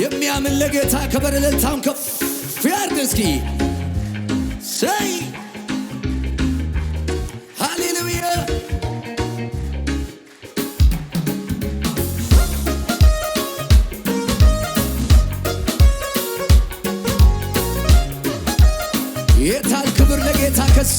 የሚያምን ለጌታ ከበር እልልታውን ከፍ ያርግ እስኪ ሰይ ሃሌሉያ የታል ክብር ለጌታ ከስ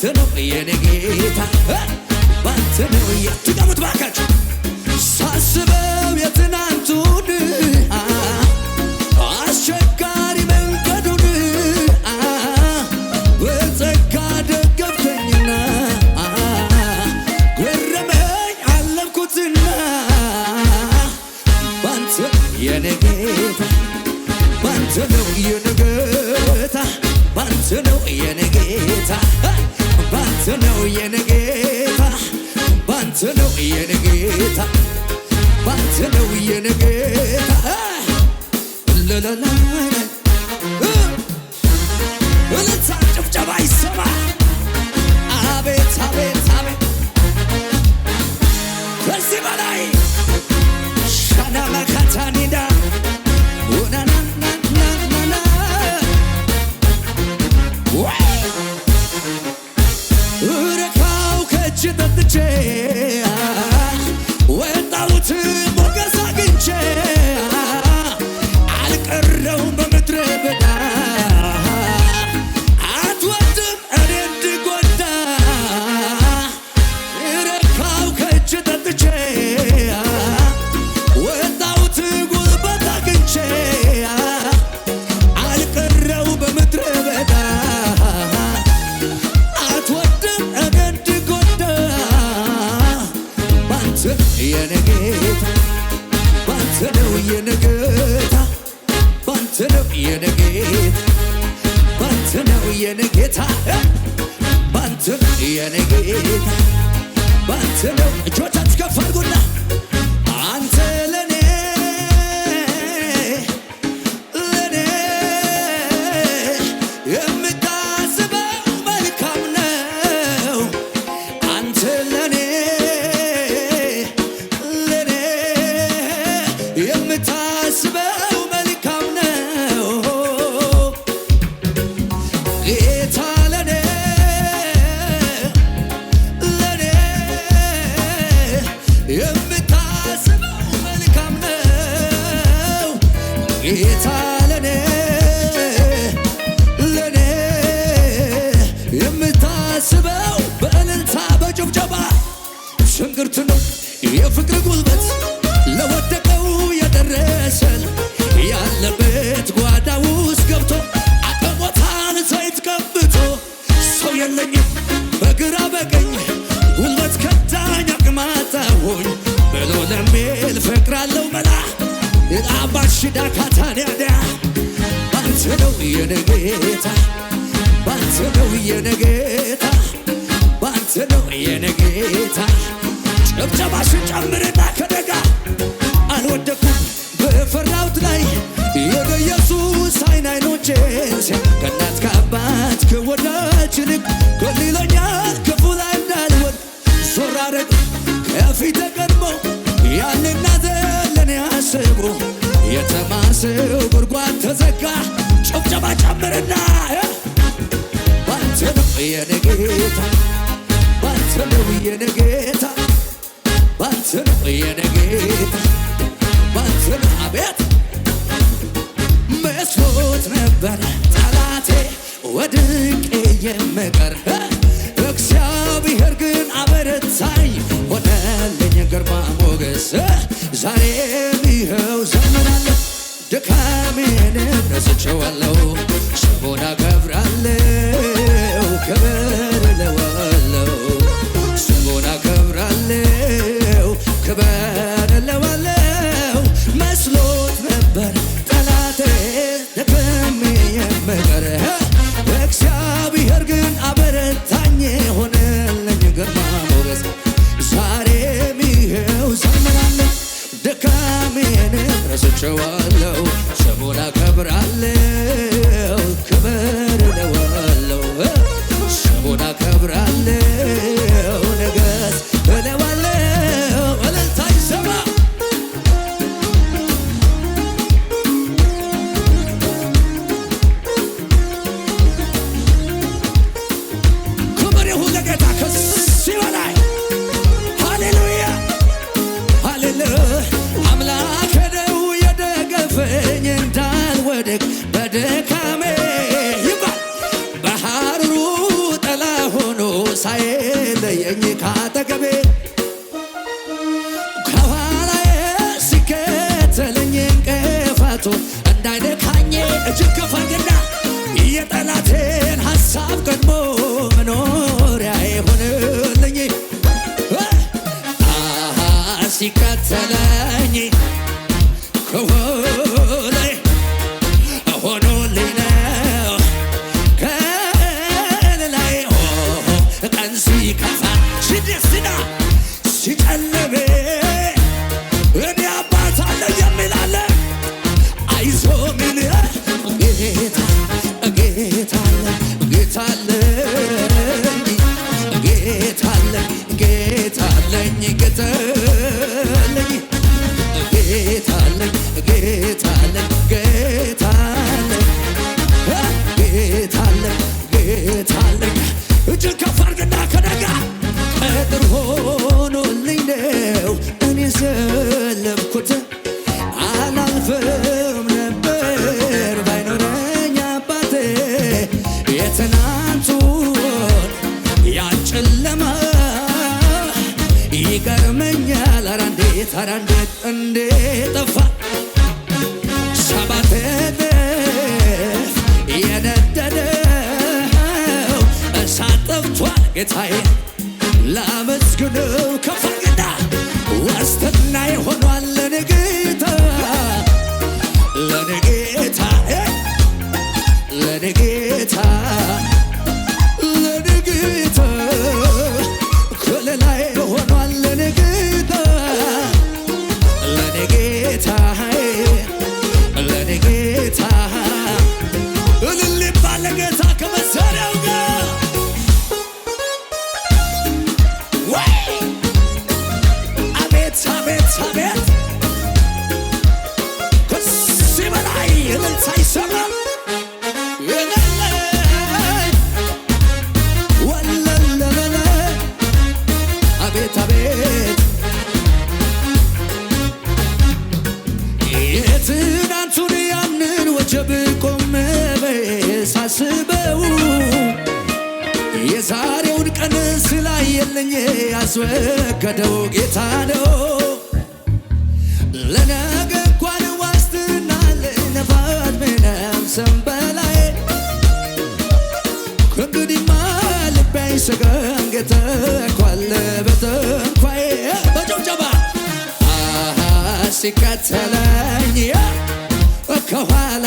ባንተ ነው የኔ ጌታ ባንተ ነው የትጋሙት ባካችሁ ነው የነጌታ ጌታ ባንተ ነው የኔ ባንተ ነው የኔ እልልታ ጭብጨባ ይሰማ አቤት አቤት አቤት ከዚህ በላይ ሽንግርት ነው የፍቅር ጉልበት ለወደቀው የደረሰን ያለበት ጓዳ ውስጥ ገብቶ አቅሞታን ዘይት ቀብቶ ሰው የለኝም በግራ በቀኝ ጉልበት ከታኝ አቅማታሁኝ ብሎ ለሚል ፈቅራለሁ መላ የጣባሽዳ ካታንያዳ ባንተ ነው የነጌታ ባንተ ነው የነጌታ ባንተ ነው የነጌታ ጭብጨባሽን ጨምርና ከደጋ አልወደኩም በፈራሁት ላይ ወደ ኢየሱስ አይን አይኖቼ ከእናት ከአባት ከወዳጅ ይልቅ ከሌሎኛል ክፉ ላይ እንዳልወድ ዞር ከፊት ተቀድሞ ያን እናቴ ለእኔ አስቦ የተማሰው ጉድጓድ ተዘጋ። ጭብጨባ ጨምርና ባንተ ነው የኔ ጌታ ባንተ ነው የኔ ጌታ ባንተ ነው የኔ ጌታ ባንተ ነው አቤት መስሎት ነበር ጠላቴ ወድቄ የምቀር እግዚአብሔር ግን አበረታኝ ሆነልኝ ግርማ ሞገስ ዛሬ ይኸው ዘምራለሁ ድካሜን ረስቼዋለሁ ስሙን certo. ጌታ አለኝ ጌታ አለኝ ጌታ ጌታዬን ላመስግነው ከፍና ዋስትና የሆኗል ለኔ ጌታ ለኔ ስጋን ገተኳለ በተንኳዬ በጭብጨባ አሃ ሲከተለኝ ከኋላ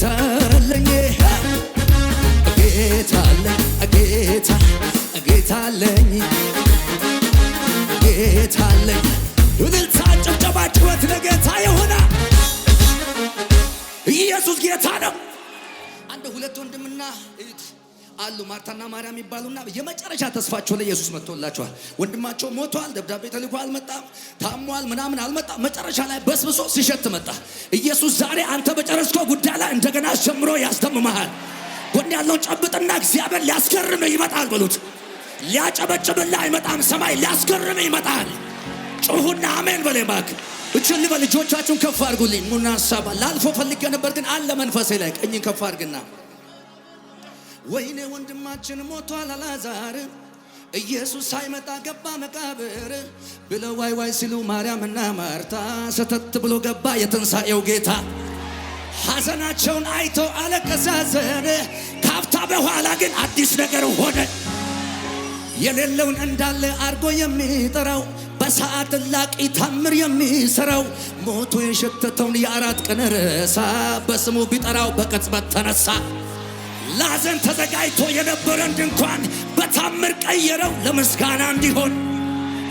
ጌታ አለኝ ጌታ አለ የሆነ ኢየሱስ ጌታ ነው። አንድ ሁለት ወንድምና አሉ ማርታና ማርያም ይባሉና የመጨረሻ ተስፋቸው ላይ ኢየሱስ መጥቶላቸዋል። ወንድማቸው ሞቷል፣ ደብዳቤ ተልኮ አልመጣም፣ ታሟል፣ ምናምን አልመጣም። መጨረሻ ላይ በስብሶ ሲሸት መጣ። ኢየሱስ ዛሬ አንተ በጨረስከው ጉዳይ ላይ እንደገና አስጀምሮ ያስደምመሃል። ጎን ያለውን ጨብጥና እግዚአብሔር ሊያስገርም ይመጣል በሉት። ሊያጨበጭብላ አይመጣም፣ ሰማይ ሊያስገርም ይመጣል። ጩሁና አሜን በሌ እባክህ እችን ልበል። ከፍ አድርጉልኝ። ሙና ሀሳብ ላልፎ ፈልጌ ነበር ግን አለ መንፈሴ ላይ ቀኝን ከፍ አድርግና ወይኔ ወንድማችን ሞቷል አላዛር ኢየሱስ ሳይመጣ ገባ መቃብር ብለው ዋይ ዋይ ሲሉ ማርያምና ማርታ ሰተት ብሎ ገባ የትንሣኤው ጌታ። ሐዘናቸውን አይተው አለቀሳዘን ካፍታ በኋላ ግን አዲስ ነገር ሆነ። የሌለውን እንዳለ አርጎ የሚጠራው በሰዓት ላቂ ታምር የሚሰራው ሞቶ የሸተተውን የአራት ቀን ረሳ በስሙ ቢጠራው በቅጽበት ተነሳ። ለሐዘን ተዘጋጅቶ የነበረን ድንኳን በታምር ቀየረው ለምስጋና እንዲሆን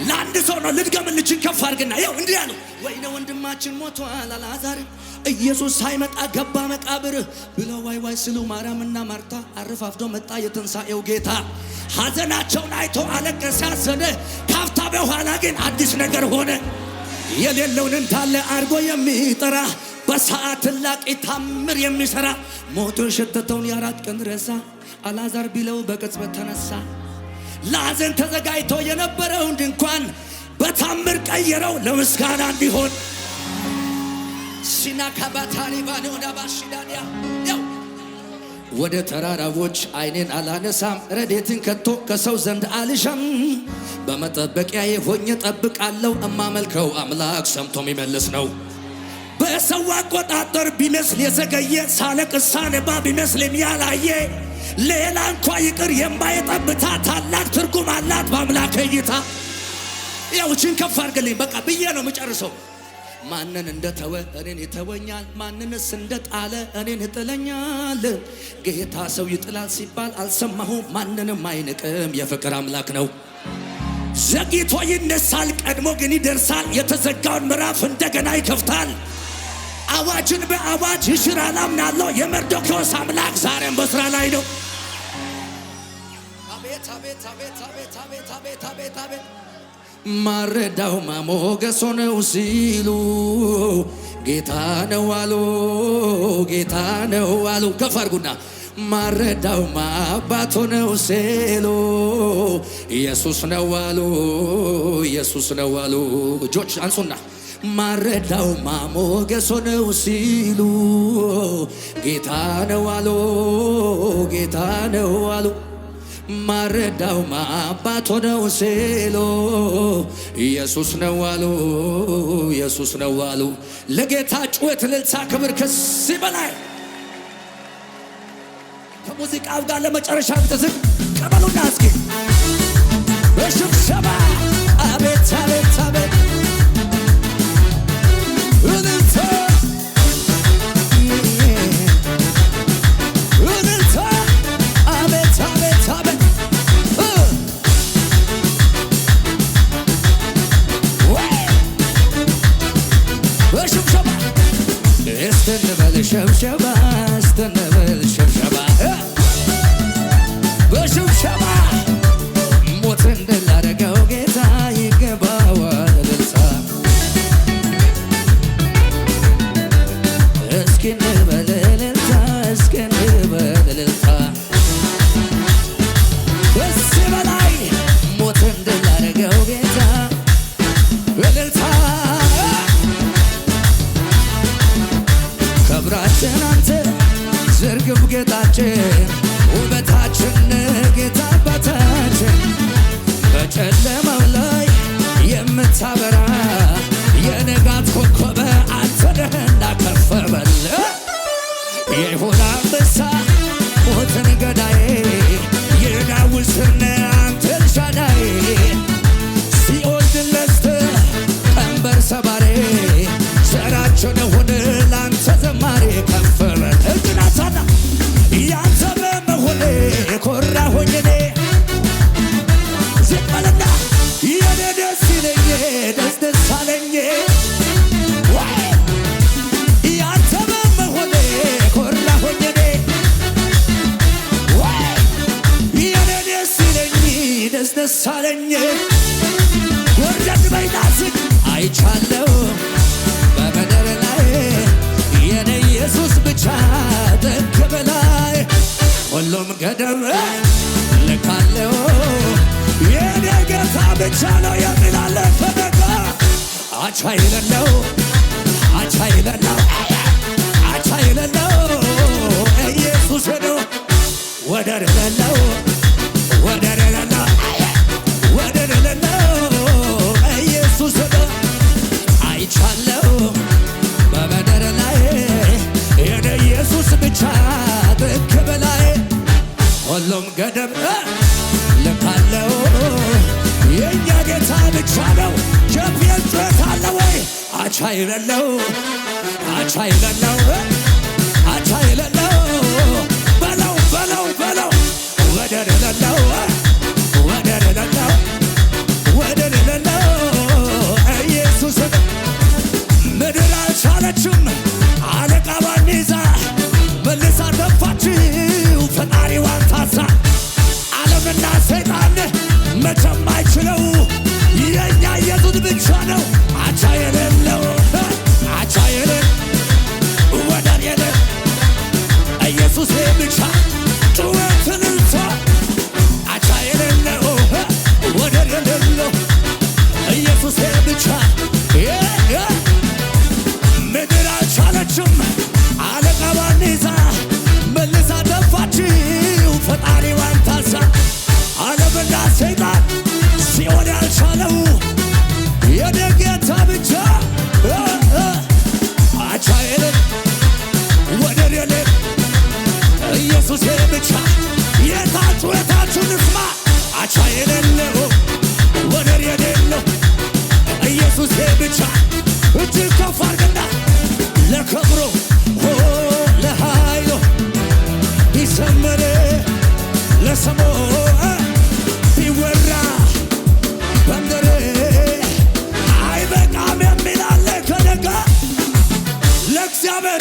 ለአንድ ሰው ነው። ልድገምልችን ከፍ አድርግና ይኸው እንዲህ ያለው ወይነ ወንድማችን ሞቷል አልዓዛር ኢየሱስ ሳይመጣ ገባ መቃብር ብለው ዋይ ዋይ ስሉ ማርያምና ማርታ አረፋፍዶ መጣ የትንሣኤው ጌታ። ሐዘናቸውን አይቶ አለቀሰ፣ አዘነ። ካፍታ በኋላ ግን አዲስ ነገር ሆነ። የሌለውን እንዳለ አድርጎ የሚጠራ በሰዓት ላቂ ታምር የሚሰራ ሞቶ የሸተተውን የአራት ቀን ረሳ። አልዓዛር ቢለው በቅጽበት ተነሳ። ለሐዘን ተዘጋጅቶ የነበረውን ድንኳን በታምር ቀየረው ለምስጋና እንዲሆን ሲና ከባታሊባኔሆዳባሽዳንያ ወደ ተራራዎች አይኔን አላነሳም። ረዴትን ከቶ ከሰው ዘንድ አልሻም። በመጠበቂያዬ ሆኜ ጠብቃለሁ። እማመልከው አምላክ ሰምቶ የሚመልስ ነው። የሰው አቆጣጠር ቢመስል የዘገየ ሳለቅሳ ነባ ቢመስልም ያላየ ሌላ እንኳ ይቅር የማይጠብታ ታላቅ ትርጉም አላት በአምላክ እይታ። ችን ከፍ አድርግልኝ በቃ ብዬ ነው የምጨርሰው። ማንን እንደተወ እኔን ይተወኛል፣ ማንንስ እንደጣለ እኔን ይጥለኛል። ጌታ ሰው ይጥላል ሲባል አልሰማሁም፣ ማንንም አይንቅም። የፍቅር አምላክ ነው። ዘግይቶ ይነሳል፣ ቀድሞ ግን ይደርሳል። የተዘጋውን ምዕራፍ እንደገና ይከፍታል። አዋጅን በአዋጅ ይሽራል አምናለሁ። የመርዶኪዎስ አምላክ ዛሬም በስራ ላይ ነው። ማረዳው ማሞገሶ ነው ሲሉ ጌታ ነው አሉ፣ ጌታ ነው አሉ። ከፍ አድርጉና ማረዳው ማባቶ ነው ሲሉ ኢየሱስ ነው አሉ፣ ኢየሱስ ነው አሉ። እጆች አንሱና ማረዳው ማሞገሶ ነው ሲሉ ጌታ ነው አሉ ጌታ ነው አሉ ማረዳው ማአባቶ ነው ሲሉ ኢየሱስ ነው አሉ ኢየሱስ ነው አሉ። ለጌታ ጩኸት ልልሳ ክብር ከዚህ በላይ ከሙዚቃው ጋር ለመጨረሻ ብትዝግ ቀበሉና እስኪ በሽብሸባ አቤት አቤት አቤት ሸብሸባ በሸብሸባ ሞት አያደርግም ጌጣችን ውበታችን ጌታ አባታችን በጨለማው ላይ የምታበራ የንጋት ኮከበ አንተ ነህ እናከፈበል የይሁዳ አንበሳ ሞትን ገዳዬ የዳዊት ሸን የሆነ ላንተ ዘማሬ ከንፈር እጅናሳና ያንተ በመሆኔ የኮራ ሆኜኔ ዝመለና የኔ ደስ ይለኝ ደስ ደስ አለኝ ደስ ደስ አለኝ ወርደድ በይናስግ አይቻለው ኢየሱስ ብቻ ደግ በላይ ሁሉም ገደብ ልካለው የኔ ጌታ ብቻ ነው የሚላለ ፈበቃ አቻ ይለለው አቻ ይለለው አቻ ይለለው ኢየሱስ ነው ወደር የሌለው አቻ የሌለው አቻ የሌለው አቻ የሌለው በለው በለው በለው ወደር የሌለው ሰይጣን ሲሆን ያልቻለው የኔ ጌታ ብቻ አቻ ወደር የለም ኢየሱስ ብቻ የታችሁ የታችሁ ንስማ አቻ የሌለው ወደር የሌለው ኢየሱስ ብቻ እጅ ከፍ አድርግና ለክብሩ ለኃይሉ ይሰመረ ለስሙ se abre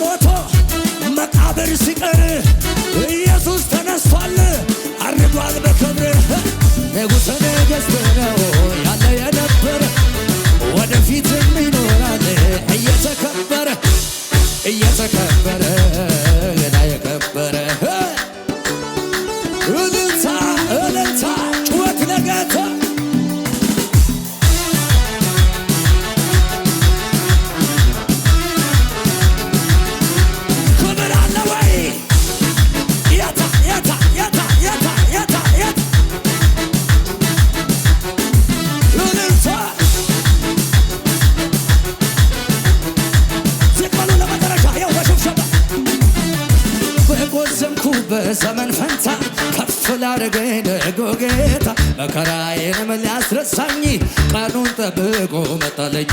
ሞቶ መቃብር ሲቀር ላረገኝ ደጎ ጌታ መከራዬንም ሊያስረሳኝ ቀኑን ጠብቆ መጣለኝ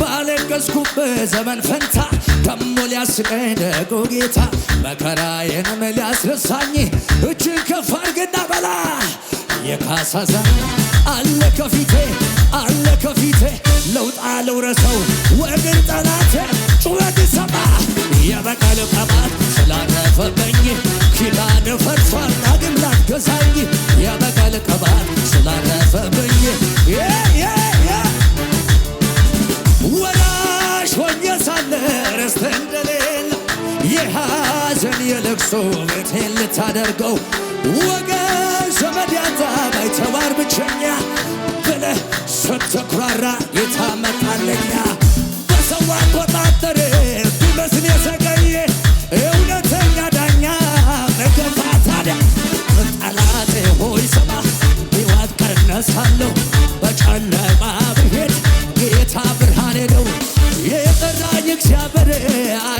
ባለቀስኩበት ዘመን ፈንታ ደሞ ሊያስቀኝ ደጎ ጌታ መከራዬንም ሊያስረሳኝ እጅን ከፍ አድርግና በላ የካሳዛ አለ ከፊቴ አለ ከፊቴ ለውጣ ልውረሰው ወግን ጠላት ጩኸት ይሰማ የበቀል ቀማት ስላረፈበኝ ኪዳን ፈርሷል ሲበዛኝ ያበቃል ቅባት ስላረፈብኝ ወላሽ ሆኜ ሳለ ርስት እንደሌለ የሐዘን የለቅሶ ቤቴን ልታደርገው ወገን ዘመድ ያጣ ባይተዋር ብቸኛ ብለህ ስትኩራራ ጌታ እረሳለሁ በጨለማ ብሄድ ጌታ ብርሃኔ ነው የጠራኝ እግዚአብሔር